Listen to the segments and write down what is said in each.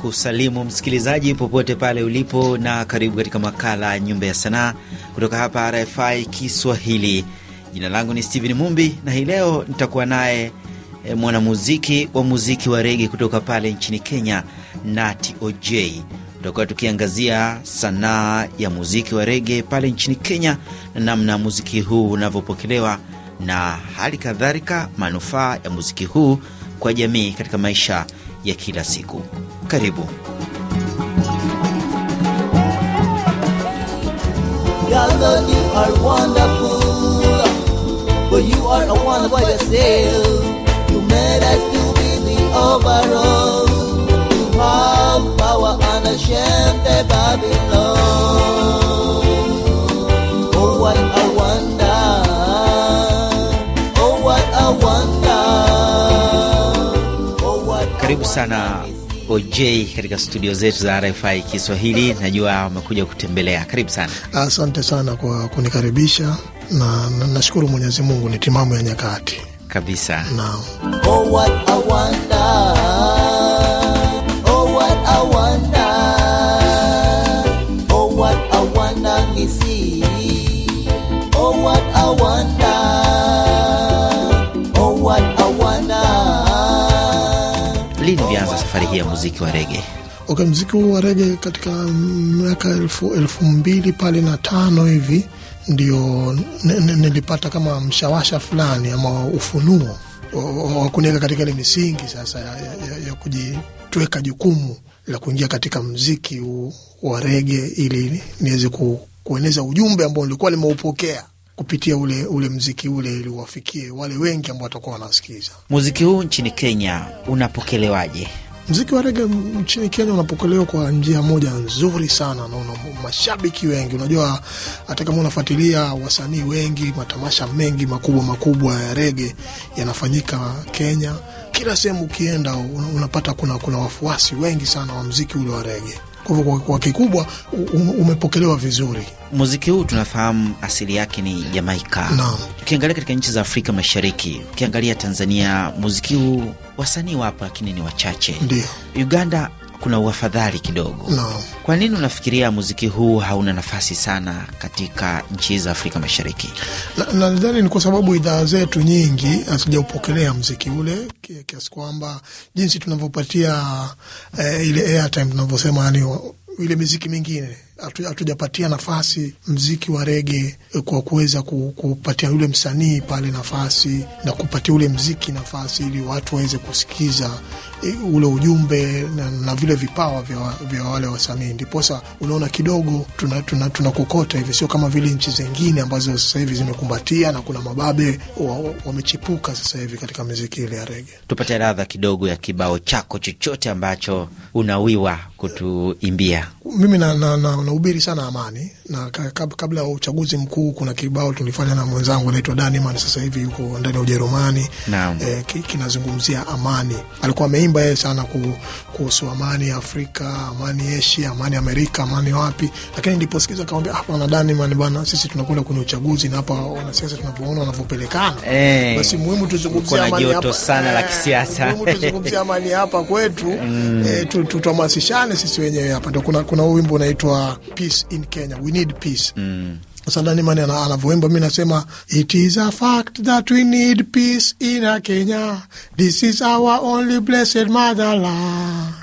kusalimu msikilizaji popote pale ulipo, na karibu katika makala ya Nyumba ya Sanaa kutoka hapa RFI Kiswahili. Jina langu ni stephen Mumbi na hii leo nitakuwa naye e, mwanamuziki wa muziki wa rege kutoka pale nchini Kenya, Nati OJ. Tutakuwa tukiangazia sanaa ya muziki wa rege pale nchini Kenya na namna muziki huu unavyopokelewa na hali kadhalika manufaa ya muziki huu kwa jamii katika maisha ya kila siku. Karibu you are wonderful, but you are by yourself. You made us to be the overall. power a Babylon. Oh, what a wonder! Oh, what a wonder! Karibu sana OJ katika studio zetu za RFI Kiswahili. Najua umekuja kutembelea, karibu sana. Asante sana kwa kunikaribisha na nashukuru na Mwenyezi Mungu ni timamu ya nyakati kabisa na. Oh, what I wonder. Oh, what I wonder. hii ya muziki wa rege? Okay, mziki huu wa rege katika miaka elfu, elfu mbili pale na tano hivi ndio nilipata kama mshawasha fulani ama ufunuo wa kuniweka katika ile misingi sasa ya, ya, ya kujitweka jukumu la kuingia katika mziki wa rege ili niweze ku, kueneza ujumbe ambao nilikuwa nimeupokea kupitia ule, ule mziki ule ili uwafikie wale wengi ambao watakuwa wanasikiliza muziki huu. Nchini Kenya unapokelewaje? mziki wa rege nchini Kenya unapokelewa kwa njia moja nzuri sana na una mashabiki wengi. Unajua, hata kama unafuatilia wasanii wengi, matamasha mengi makubwa makubwa ya rege yanafanyika Kenya. Kila sehemu ukienda unapata kuna, kuna wafuasi wengi sana wa mziki ule wa rege kwa kikubwa umepokelewa vizuri. Muziki huu tunafahamu asili yake ni Jamaika. Ukiangalia katika nchi za Afrika Mashariki, ukiangalia Tanzania, muziki huu wasanii wapo, lakini ni wachache. Ndio. Uganda kuna uafadhali kidogo no. Kwa nini unafikiria muziki huu hauna nafasi sana katika nchi za Afrika Mashariki? Nadhani na ni kwa sababu idhaa zetu nyingi hazijaupokelea mziki ule kiasi kwamba jinsi tunavyopatia eh, ile airtime tunavyosema, yani ile miziki mingine hatujapatia nafasi mziki wa rege e, kwa kuweza kupatia yule msanii pale nafasi na kupatia ule mziki nafasi, ili watu waweze kusikiza e, ule ujumbe na, na vile vipawa vya, vya wale wasanii. Ndiposa unaona kidogo tunakokota tuna, tuna hivi, sio kama vile nchi zingine ambazo sasa hivi zimekumbatia na kuna mababe wamechipuka wa sasa hivi katika miziki ile ya rege. Tupate radha kidogo ya kibao chako chochote ambacho unawiwa kutuimbia. Mimi nahubiri na, na sana amani na kabla ya uchaguzi mkuu kuna kibao tulifanya na mwenzangu anaitwa Daniman, sasa hivi yuko ndani ya Ujerumani eh, kinazungumzia amani. Alikuwa ameimba yeye sana kuhusu amani Afrika, amani Asia, amani Amerika, amani wapi, lakini niliposikiza kawambia hapa ah, na Daniman bana, sisi tunakwenda kwenye uchaguzi na hapa wanasiasa tunavyoona wanavyopelekana, hey, eh. basi muhimu tuzungumzie amani hapa, eh, muhimu tuzungumzie amani hapa kwetu, mm, eh, tutahamasishana ndani sisi wenyewe hapa ndo kuna, kuna wimbo unaitwa peace in Kenya, we need peace mm. Sandanimani anavyoimba mi nasema it is a fact that we need peace in a Kenya, this is our only blessed motherland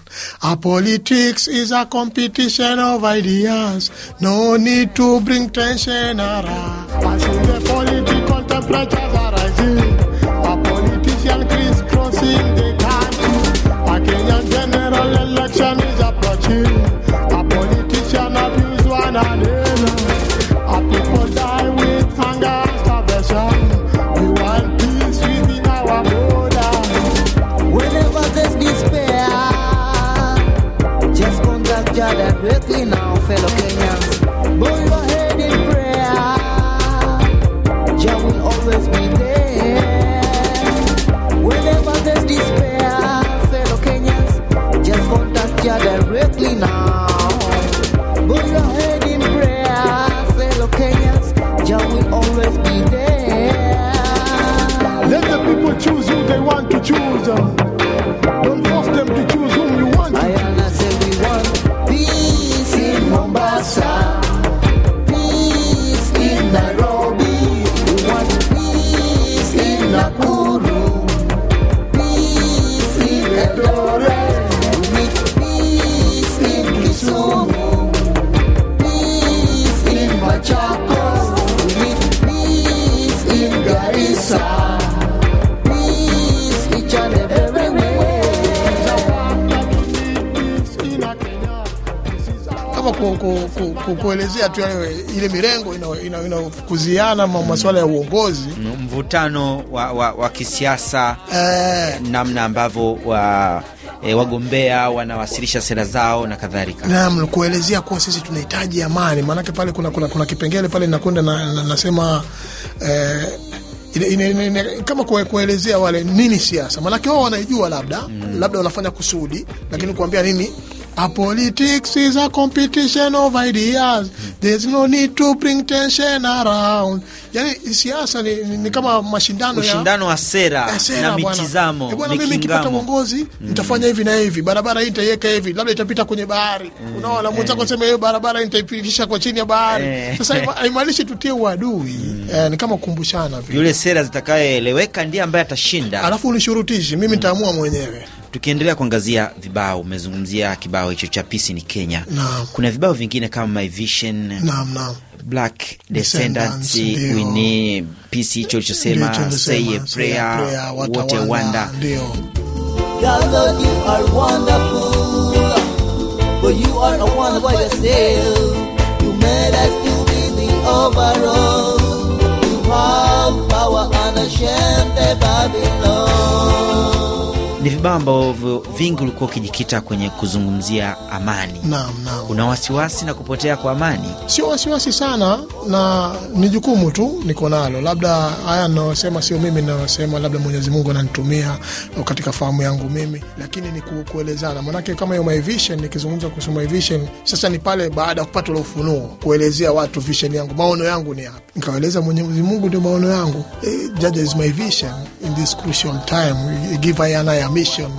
a politics is a competition of ideas, no need to bring tension around. temperatures are a politician criss crossing the kama ku, ku, ku, ku, kuelezea tu ile mirengo ina, masuala ya uongozi, mvutano wa, wa, wa kisiasa eh, namna ambavyo wa, e, wagombea wanawasilisha sera zao na kadhalika. Naam, kuelezea kuwa sisi tunahitaji amani, maanake pale kuna, kuna, kuna kipengele pale nakwenda na, na, nasema eh, Ine, ine, ine, kama kuelezea wale nini siasa, maanake wao wanaijua labda mm. labda wanafanya kusudi, lakini kuambia nini A politics is a competition of ideas. There's no need to bring tension around. Yani siasa ni, ni, ni kama mashindano mashindano ya, ya sera, ya eh, sera na mitizamo. E bwana, mimi nikipata uongozi mm. nitafanya hivi na hivi, barabara hii nitaiweka hivi, labda itapita kwenye bahari mm. unaona mwenzako mm. Eh. sema hiyo barabara nitaipitisha kwa chini ya bahari mm. Sasa haimaanishi tutie uadui mm. eh, ni kama kukumbushana vile, yule sera zitakayeeleweka ndiye ambaye atashinda, alafu unishurutishi mimi mm. nitaamua mm. mwenyewe Tukiendelea kuangazia vibao, umezungumzia kibao hicho cha pisi ni Kenya. Naam. Kuna vibao vingine kama My Vision. Naam, naam. Black Descendants, Winnie, Peace hicho lichosema Say a Prayer, What a overall. You have power and a shame, the Babylon ni vibao ambavyo vingi ulikuwa ukijikita kwenye kuzungumzia amani. Naam, naam. Una wasiwasi na kupotea kwa amani? Sio wasiwasi sana, na ni jukumu tu niko nalo, labda haya nayosema sio mimi nayosema, labda Mwenyezi Mungu ananitumia katika fahamu yangu mimi, lakini ni kuelezana, manake kama hiyo my vision, nikizungumza kuhusu my vision sasa ni pale baada ya kupata ule ufunuo, kuelezea watu vision yangu, maono yangu ni yapi, nikawaeleza Mwenyezi Mungu ndio maono yangu. Eh, judge is my vision this crucial time give Ayana ya mission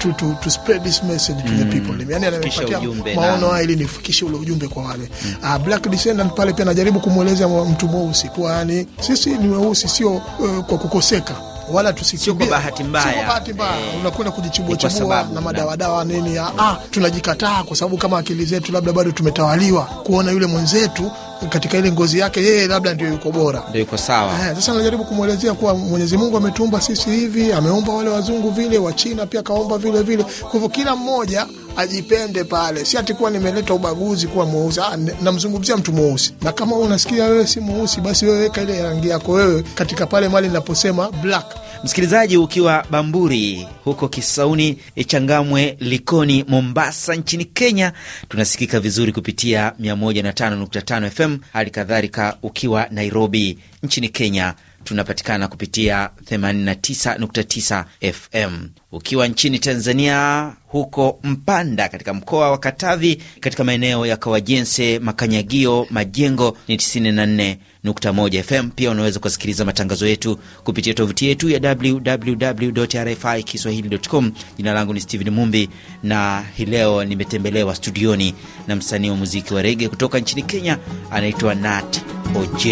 to, to, to spread this message to mm. the people. Yani anapatia maono haya ili nifikishe ule ujumbe kwa wale mm. uh, Black Descendant pale pia najaribu kumweleza mtu mweusi kwa yani sisi ni weusi sio uh, kwa kukoseka wala tusikimbie, bahati mbaya, bahati mbaya eh, eh unakwenda kujichimbua chimbua na madawadawa nini ya ah, ah, tunajikataa kwa sababu kama akili zetu labda bado tumetawaliwa kuona yule mwenzetu katika ile ngozi yake yeye labda ndio yuko bora, ndio yuko sawa. Eh, sasa najaribu kumwelezea kuwa Mwenyezi Mungu ametuumba sisi hivi, ameumba wale wazungu vile, Wachina pia kaomba vile vile, kwa hivyo kila mmoja ajipende pale, si atikuwa nimeleta ubaguzi kuwa mweusi. Ah, namzungumzia mtu mweusi, na kama unasikia wewe si mweusi, basi wewe weka ile rangi yako wewe katika pale mali ninaposema black. Msikilizaji, ukiwa Bamburi huko Kisauni, ichangamwe Likoni, Mombasa nchini Kenya, tunasikika vizuri kupitia 105.5 FM. Hali kadhalika ukiwa Nairobi nchini Kenya tunapatikana kupitia 89.9 FM. Ukiwa nchini Tanzania, huko Mpanda katika mkoa wa Katavi, katika maeneo ya Kawajense, Makanyagio, Majengo ni 94.1 FM. Pia unaweza kusikiliza matangazo yetu kupitia tovuti yetu ya www RFI kiswahilicom. Jina langu ni Steven Mumbi na hii leo nimetembelewa studioni na msanii wa muziki wa rege kutoka nchini Kenya, anaitwa Nat OJ.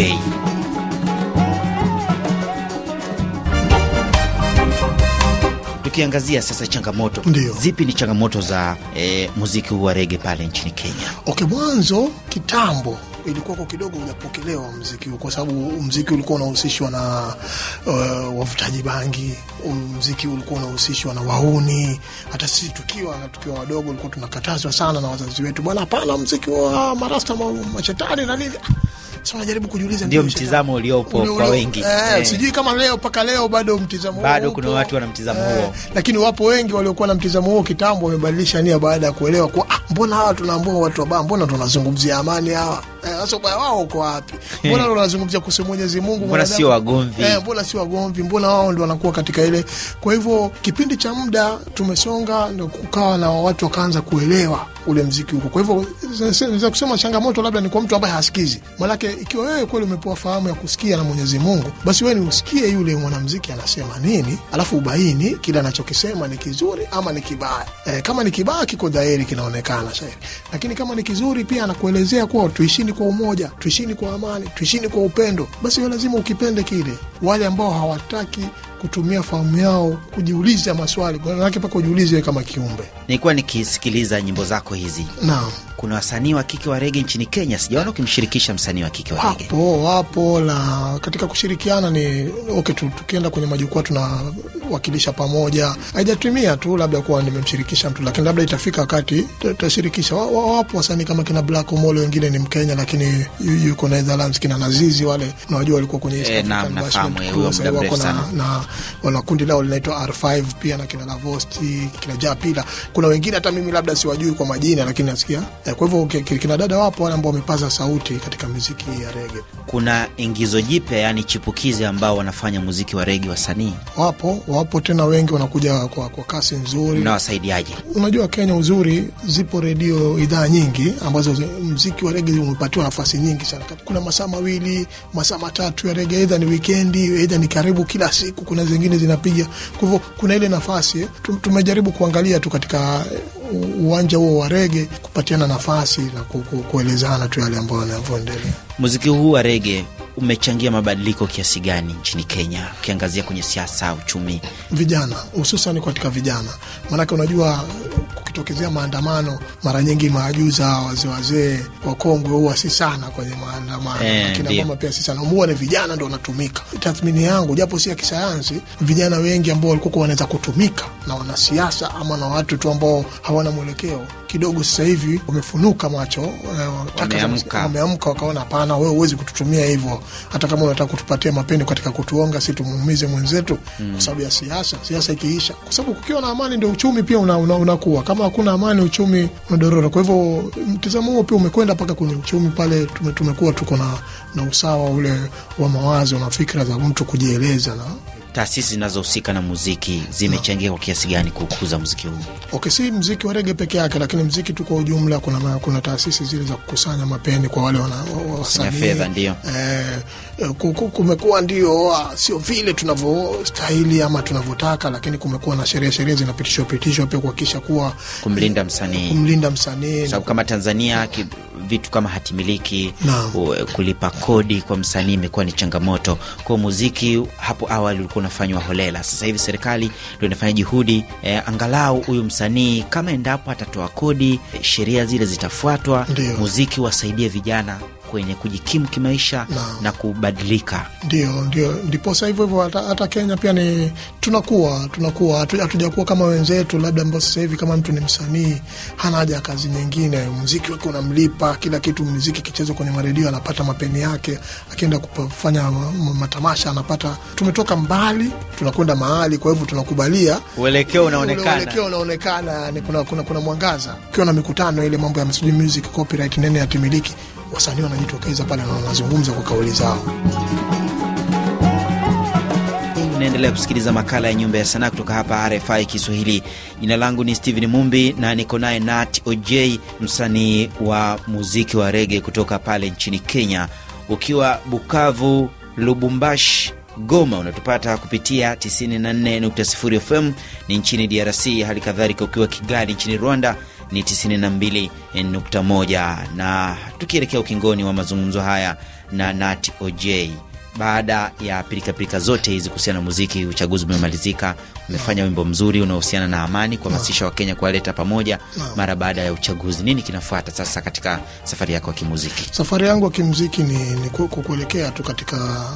tukiangazia sasa changamoto Ndiyo. zipi ni changamoto za e, muziki huu wa rege pale nchini Kenya? Okay, mwanzo kitambo ilikuwa kwa kidogo hujapokelewa mziki huu, kwa sababu mziki ulikuwa unahusishwa na uh, wavutaji bangi, mziki ulikuwa unahusishwa na wauni. Hata sisi tukiwa tukiwa wadogo ulikuwa tunakatazwa sana na wazazi wetu, bwana, hapana mziki wa marasta machetani na nini sasa unajaribu kujiuliza, ndio mtizamo uliopo kwa wengi eh, eh. Sijui kama leo mpaka leo bado mtizamo bado kuna watu wana mtizamo eh, lakini wapo wengi waliokuwa na mtizamo huo kitambo wamebadilisha nia baada ya kuelewa kuwa ah, mbona hawa tunaambua watu wabaya, mbona tunazungumzia amani hawa Eh, sasa ubaya wao uko wapi? Eh. Mbona wanazungumzia kuhusu Mwenyezi Mungu, mbona sio wagomvi? Eh, mbona sio wagomvi? Mbona wao ndio wanakuwa katika ile. Kwa hivyo kipindi cha muda tumesonga, ndio kukawa na watu wakaanza kuelewa ule mziki huko. Kwa hivyo naweza kusema changamoto labda ni kwa mtu ambaye hasikizi, maanake ikiwa wewe kweli umepewa fahamu ya kusikia na Mwenyezi Mungu, basi wewe ni usikie yule mwanamziki anasema nini, alafu ubaini kile anachokisema ni kizuri ama ni kibaya. E, kama ni kibaya kiko dhahiri, kinaonekana shairi, lakini kama ni kizuri pia anakuelezea kuwa tuishini kwa umoja, tuishini kwa amani, tuishini kwa upendo, basi we lazima ukipende kile. Wale ambao hawataki kutumia fahamu yao kujiuliza maswali, manake mpaka ujiulize kama kiumbe. Nilikuwa nikisikiliza nyimbo zako hizi, naam kuna wasanii wa kike wa rege nchini Kenya, sijaona ukimshirikisha msanii wa kike wa rege. Wapo, wapo na katika kushirikiana ni okay, tukienda kwenye majukwaa tunawakilisha pamoja. Haijatumia tu labda kuwa nimemshirikisha mtu, lakini labda itafika wakati tutashirikisha. Wapo wasanii kama kina Black Omolo, wengine ni Mkenya lakini yuko Netherlands, kina Nazizi wale unawajua walikuwa kwenye East eh, African eh, na wana kundi lao linaitwa R5 pia na kina Lavosti, kina Japila. Kuna wengine hata mimi labda siwajui kwa majina, lakini nasikia E, Kwa hivyo kina dada wapo wale ambao wamepaza sauti katika muziki ya rege. Kuna ingizo jipya, yani chipukizi, ambao wanafanya muziki wa rege, wasanii wapo, wapo tena wengi, wanakuja kwa, kwa kasi nzuri. Nawasaidiaje? Unajua Kenya uzuri, zipo redio idhaa nyingi ambazo muziki wa rege umepatiwa nafasi nyingi sana. Kuna masaa mawili masaa matatu ya rege, aidha ni wikendi, aidha ni karibu kila siku, kuna zingine zinapiga. Kwa hivyo kuna ile nafasi tumejaribu kuangalia tu katika uwanja huo wa rege kupatiana nafasi na kuelezana tu yale ambayo anavyoendelea. Muziki huu wa rege umechangia mabadiliko kiasi gani nchini Kenya, ukiangazia kwenye siasa, uchumi, vijana, hususan katika vijana? Maanake unajua kukitokezea maandamano, mara nyingi maajuza wazee wazee wakongwe huwa si sana kwenye maandamano eh, akina mama pia si sana huwa ni vijana ndo wanatumika. Tathmini yangu japo si ya kisayansi, vijana wengi ambao walikuwa wanaweza kutumika na wanasiasa ama na watu tu ambao hawana mwelekeo kidogo sasa hivi wamefunuka macho, eh, wameamka wakaona, hapana, wewe huwezi kututumia hivyo. Hata kama unataka kutupatia mapendo katika kutuonga, si tumuumize mwenzetu mm, kwa sababu ya siasa. Siasa ikiisha, kwa sababu kukiwa na amani ndio uchumi pia unakuwa una, una unapungua. Kama hakuna amani, uchumi unadorora. Kwa hivyo mtizamo huo pia umekwenda mpaka kwenye uchumi pale. Tumekuwa tuko na, na usawa ule wa mawazo na fikra za mtu kujieleza na taasisi zinazohusika na muziki zimechangia kwa kiasi gani kukuza muziki huu? Okay, si mziki wa rege peke yake, lakini mziki tu kwa ujumla. Kuna, kuna taasisi zile za kukusanya mapeni kwa wale wasanii ndio eh, kumekuwa ndio ah, sio vile tunavyostahili ama tunavyotaka, lakini kumekuwa na sheria sheria zinapitishwa pitishwa pia kuhakikisha kuwa kumlinda msanii eh, kumlinda msanii sababu kama Tanzania ki vitu kama hatimiliki kulipa kodi kwa msanii imekuwa ni changamoto kwa muziki. Hapo awali ulikuwa unafanywa holela. Sasa hivi serikali ndio inafanya juhudi e, angalau huyu msanii kama endapo atatoa kodi, eh, sheria zile zitafuatwa, muziki wasaidie vijana kwenye kujikimu kimaisha na, na kubadilika. Ndio, ndio, ndiposa hivyo hivyo hata, hata Kenya pia ni tunakuwa tunakuwa hatujakuwa kama wenzetu, labda ambao sasahivi kama mtu ni msanii hana haja ya kazi nyingine, mziki wake unamlipa kila kitu, mziki kichezwa kwenye maredio anapata mapeni yake, akienda kufanya matamasha anapata. Tumetoka mbali tunakwenda mahali, kwa hivyo tunakubalia, uelekeo unaonekana, uelekeo unaonekana, kuna, kuna, kuna mwangaza. Ukiwa na mikutano ile mambo ya music copyright nene yatimiliki wasanii wanajitokeza pale na wanazungumza kwa kauli zao. Unaendelea kusikiliza makala ya Nyumba ya Sanaa kutoka hapa RFI Kiswahili. Jina langu ni stehen Mumbi na niko naye Nat OJ, msanii wa muziki wa rege kutoka pale nchini Kenya. Ukiwa Bukavu, Lubumbashi, Goma unatupata kupitia 94.0 FM ni nchini DRC, hali kadhalika ukiwa Kigali nchini Rwanda ni 92.1, na tukielekea ukingoni wa mazungumzo haya na Nat OJ baada ya pirikapirika pirika zote hizi kuhusiana na muziki, uchaguzi umemalizika. Umefanya wimbo mzuri unaohusiana na amani, kuhamasisha Wakenya, kuwaleta pamoja mara baada ya uchaguzi. Nini kinafuata sasa katika safari yako ya kimuziki? Safari yangu ya kimuziki ni, ni kuelekea tu katika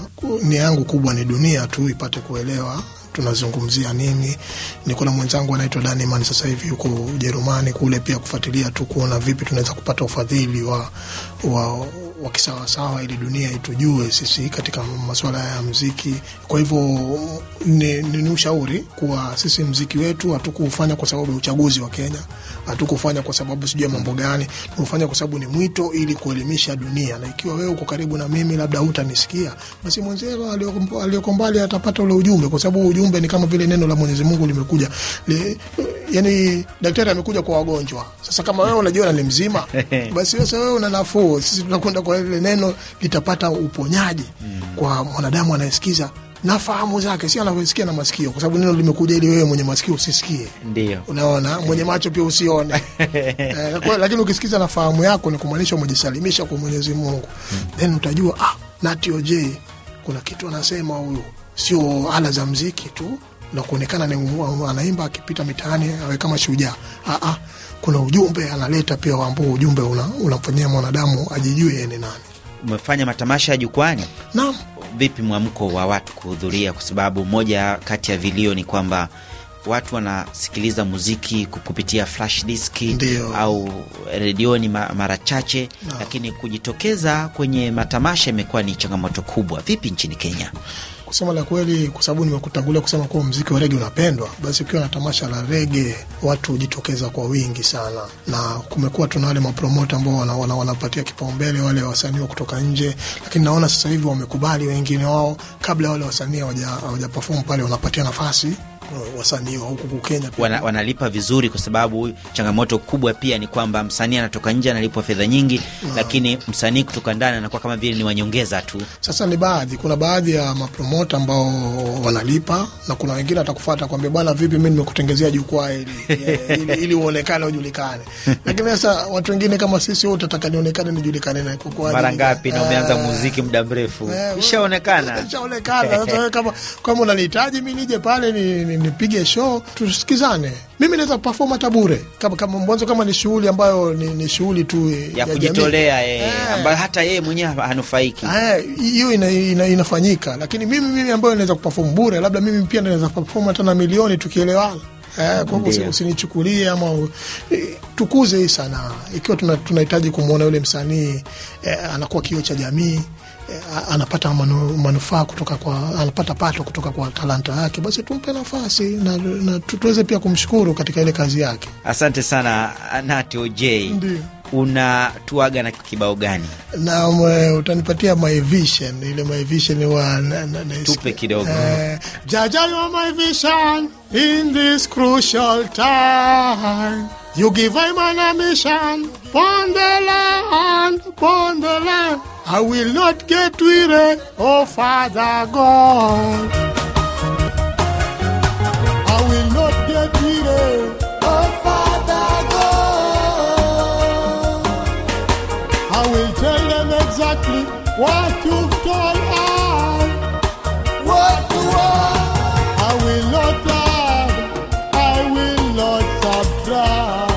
nia yangu kubwa ni dunia tu ipate kuelewa tunazungumzia nini. Niko na mwenzangu anaitwa Daniman sasa hivi yuko Ujerumani kule pia kufuatilia tu kuona vipi tunaweza kupata ufadhili wa, wa wa kisawasawa, ili dunia itujue sisi katika masuala ya mziki. Kwa hivyo ni, ni ushauri kuwa sisi mziki wetu hatukufanya kwa sababu ya uchaguzi wa Kenya, hatukufanya kwa sababu sijui ya mambo gani, tumefanya kwa sababu ni mwito ili kuelimisha dunia, na ikiwa wewe uko karibu na mimi, labda hutanisikia, basi mwenzio aliyoko mbali atapata ule ujumbe, kwa sababu ujumbe ni kama vile neno la Mwenyezi Mungu limekuja Le, yani daktari amekuja kwa wagonjwa. Sasa kama wewe unajiona ni mzima, basi sasa wewe una nafuu, sisi tunakwenda kwa lile neno litapata uponyaji mm. kwa mwanadamu anayesikiza na fahamu zake, si anavyosikia na masikio, kwa sababu neno limekuja ili wewe mwenye masikio usisikie, ndio unaona, mwenye macho pia usione eh, kwa, lakini ukisikiza na fahamu yako, ni kumaanisha umejisalimisha kwa Mwenyezi Mungu mm. then utajua ah, natio je, kuna kitu anasema huyu, sio ala za mziki tu na kuonekana anaimba akipita mitaani awe kama shujaa. Ah, ah kuna ujumbe analeta pia ambao ujumbe unamfanyia una mwanadamu ajijue ni nani. Umefanya matamasha ya jukwani? Naam. Vipi mwamko wa watu kuhudhuria? Kwa sababu moja kati ya vilio ni kwamba watu wanasikiliza muziki kupitia flash disk au redioni mara chache no. Lakini kujitokeza kwenye matamasha imekuwa ni changamoto kubwa. Vipi nchini Kenya? Kusema la kweli, kwa sababu nimekutangulia kusema kuwa mziki wa rege unapendwa, basi ukiwa na tamasha la rege watu hujitokeza kwa wingi sana, na kumekuwa tuna wale mapromota ambao wanapatia wana, wana kipaumbele wale wasanii wa kutoka nje, lakini naona sasa hivi wamekubali wengine wao, kabla wale wasanii hawajaperform pale, wanapatia nafasi wasanii wa huku Kenya wana, wanalipa vizuri, kwa sababu changamoto kubwa pia ni kwamba msanii anatoka nje analipwa fedha nyingi na, ah. lakini msanii kutoka ndani anakuwa kama vile ni wanyongeza tu. Sasa ni baadhi, kuna baadhi ya mapromota ambao wanalipa na kuna wengine atakufuata kwambia, bwana, vipi, mimi nimekutengezea jukwaa ili, ili, ili uonekane ujulikane. Lakini sasa watu wengine kama sisi wote tutaka nionekane nijulikane, na kwa mara ngapi na umeanza eh. muziki muda mrefu, eh, ishaonekana ishaonekana. Sasa kama kama unanihitaji mimi nije pale ni, ni nipige show tusikizane. Mimi naweza perform hata bure kama kama mwanzo, kama ni shughuli ambayo ni, ni shughuli tu ya, ya kujitolea e, eh, ambayo hata yeye mwenyewe hanufaiki eh, hiyo eh, ina, ina, inafanyika. Lakini mimi mimi ambayo naweza kuperform bure, labda mimi pia naweza perform hata na milioni tukielewana. Eh, kwa hivyo usinichukulie ama tukuze hii sanaa, ikiwa tunahitaji tuna kumwona yule msanii eh, anakuwa kio cha jamii. Eh, anapata manu, manufaa kutoka kwa anapata pato kutoka kwa talanta yake, basi tumpe nafasi na, na tuweze pia kumshukuru katika ile kazi yake. Asante sana Nati OJ. Ndiyo. Unatuaga na kibao gani? Na utanipatia my vision, ile my vision wa tupe kidogo eh, Jaja, you are my vision in this crucial time you give I man a mission upon the land upon the land I will not get weary, oh Father God. I will not get weary, oh Father God. I will tell them exactly what you've done. What you are. I will not add, I will not subtract.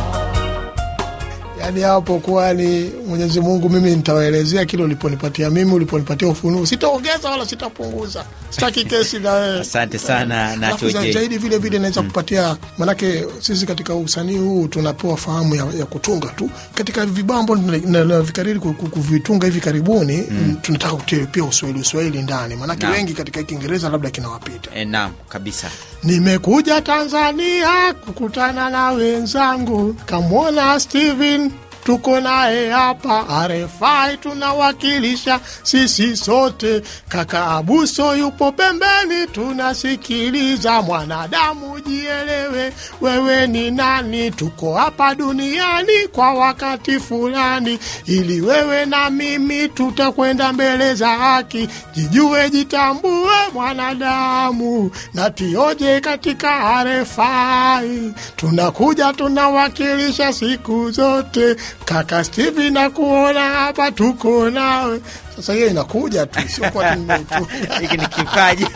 Yani hapo kwani Mwenyezi Mungu, mimi nitawaelezea kile uliponipatia mimi, uliponipatia ufunuo, sitaongeza wala sitapunguza. Sitaki kesi na wewe. Asante sana na choje zaidi vile vile naweza mm. kupatia, manake sisi katika usanii huu tunapewa fahamu ya, ya kutunga tu katika vibambo na na, vikariri kuvitunga hivi karibuni mm. mm. tunataka kutia pia uswahili uswahili ndani, manake wengi katika Kiingereza labda kinawapita. E, naam kabisa. Nimekuja Tanzania kukutana na wenzangu, kamwona Steven tuko naye hapa arefai tunawakilisha sisi sote. Kaka Abuso yupo pembeni, tunasikiliza. Mwanadamu jielewe, wewe ni nani? Tuko hapa duniani kwa wakati fulani, ili wewe na mimi tutakwenda mbele za haki. Jijue, jitambue mwanadamu, na tioje katika arefai tunakuja tunawakilisha siku zote Kaka Stivi nakuona hapa, tuko nawe. Sasa hiyo inakuja tu, sio kwa hiki ni kipaji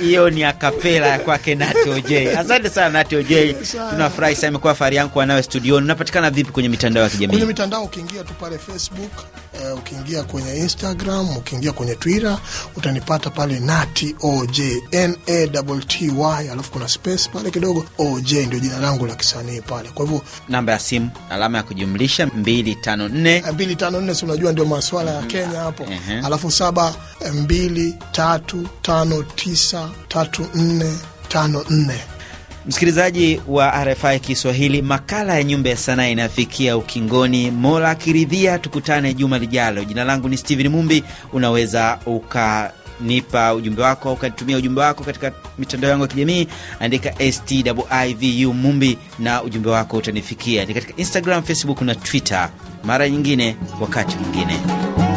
hiyo ni akapela ya kwake Nato J. Asante sana Nato J, tunafurahi sana, imekuwa fahari yangu kuwa nawe studioni. Unapatikana vipi kwenye mitandao ya kijamii? Kwenye mitandao ukiingia tu pale Facebook uh, ukiingia kwenye Instagram, ukiingia kwenye Twitter utanipata pale Nati OJ, N A T Y, alafu kuna space pale kidogo, OJ ndio jina langu la kisanii pale. Kwa hivyo namba ya simu alama ya kujumlisha 254 254, eh, si unajua ndio maswala ya mm. Kenya hapo mm -hmm. alafu 7 2 3 5 9 3 nne tano nne Msikilizaji wa RFI Kiswahili, makala ya Nyumba ya Sanaa inafikia ukingoni. Mola akiridhia, tukutane juma lijalo. Jina langu ni Steven Mumbi. Unaweza uka nipa ujumbe wako au ukanitumia ujumbe wako katika mitandao yangu ya kijamii, andika Stivu Mumbi na ujumbe wako utanifikia. Ni katika Instagram, Facebook na Twitter. Mara nyingine, wakati mwingine.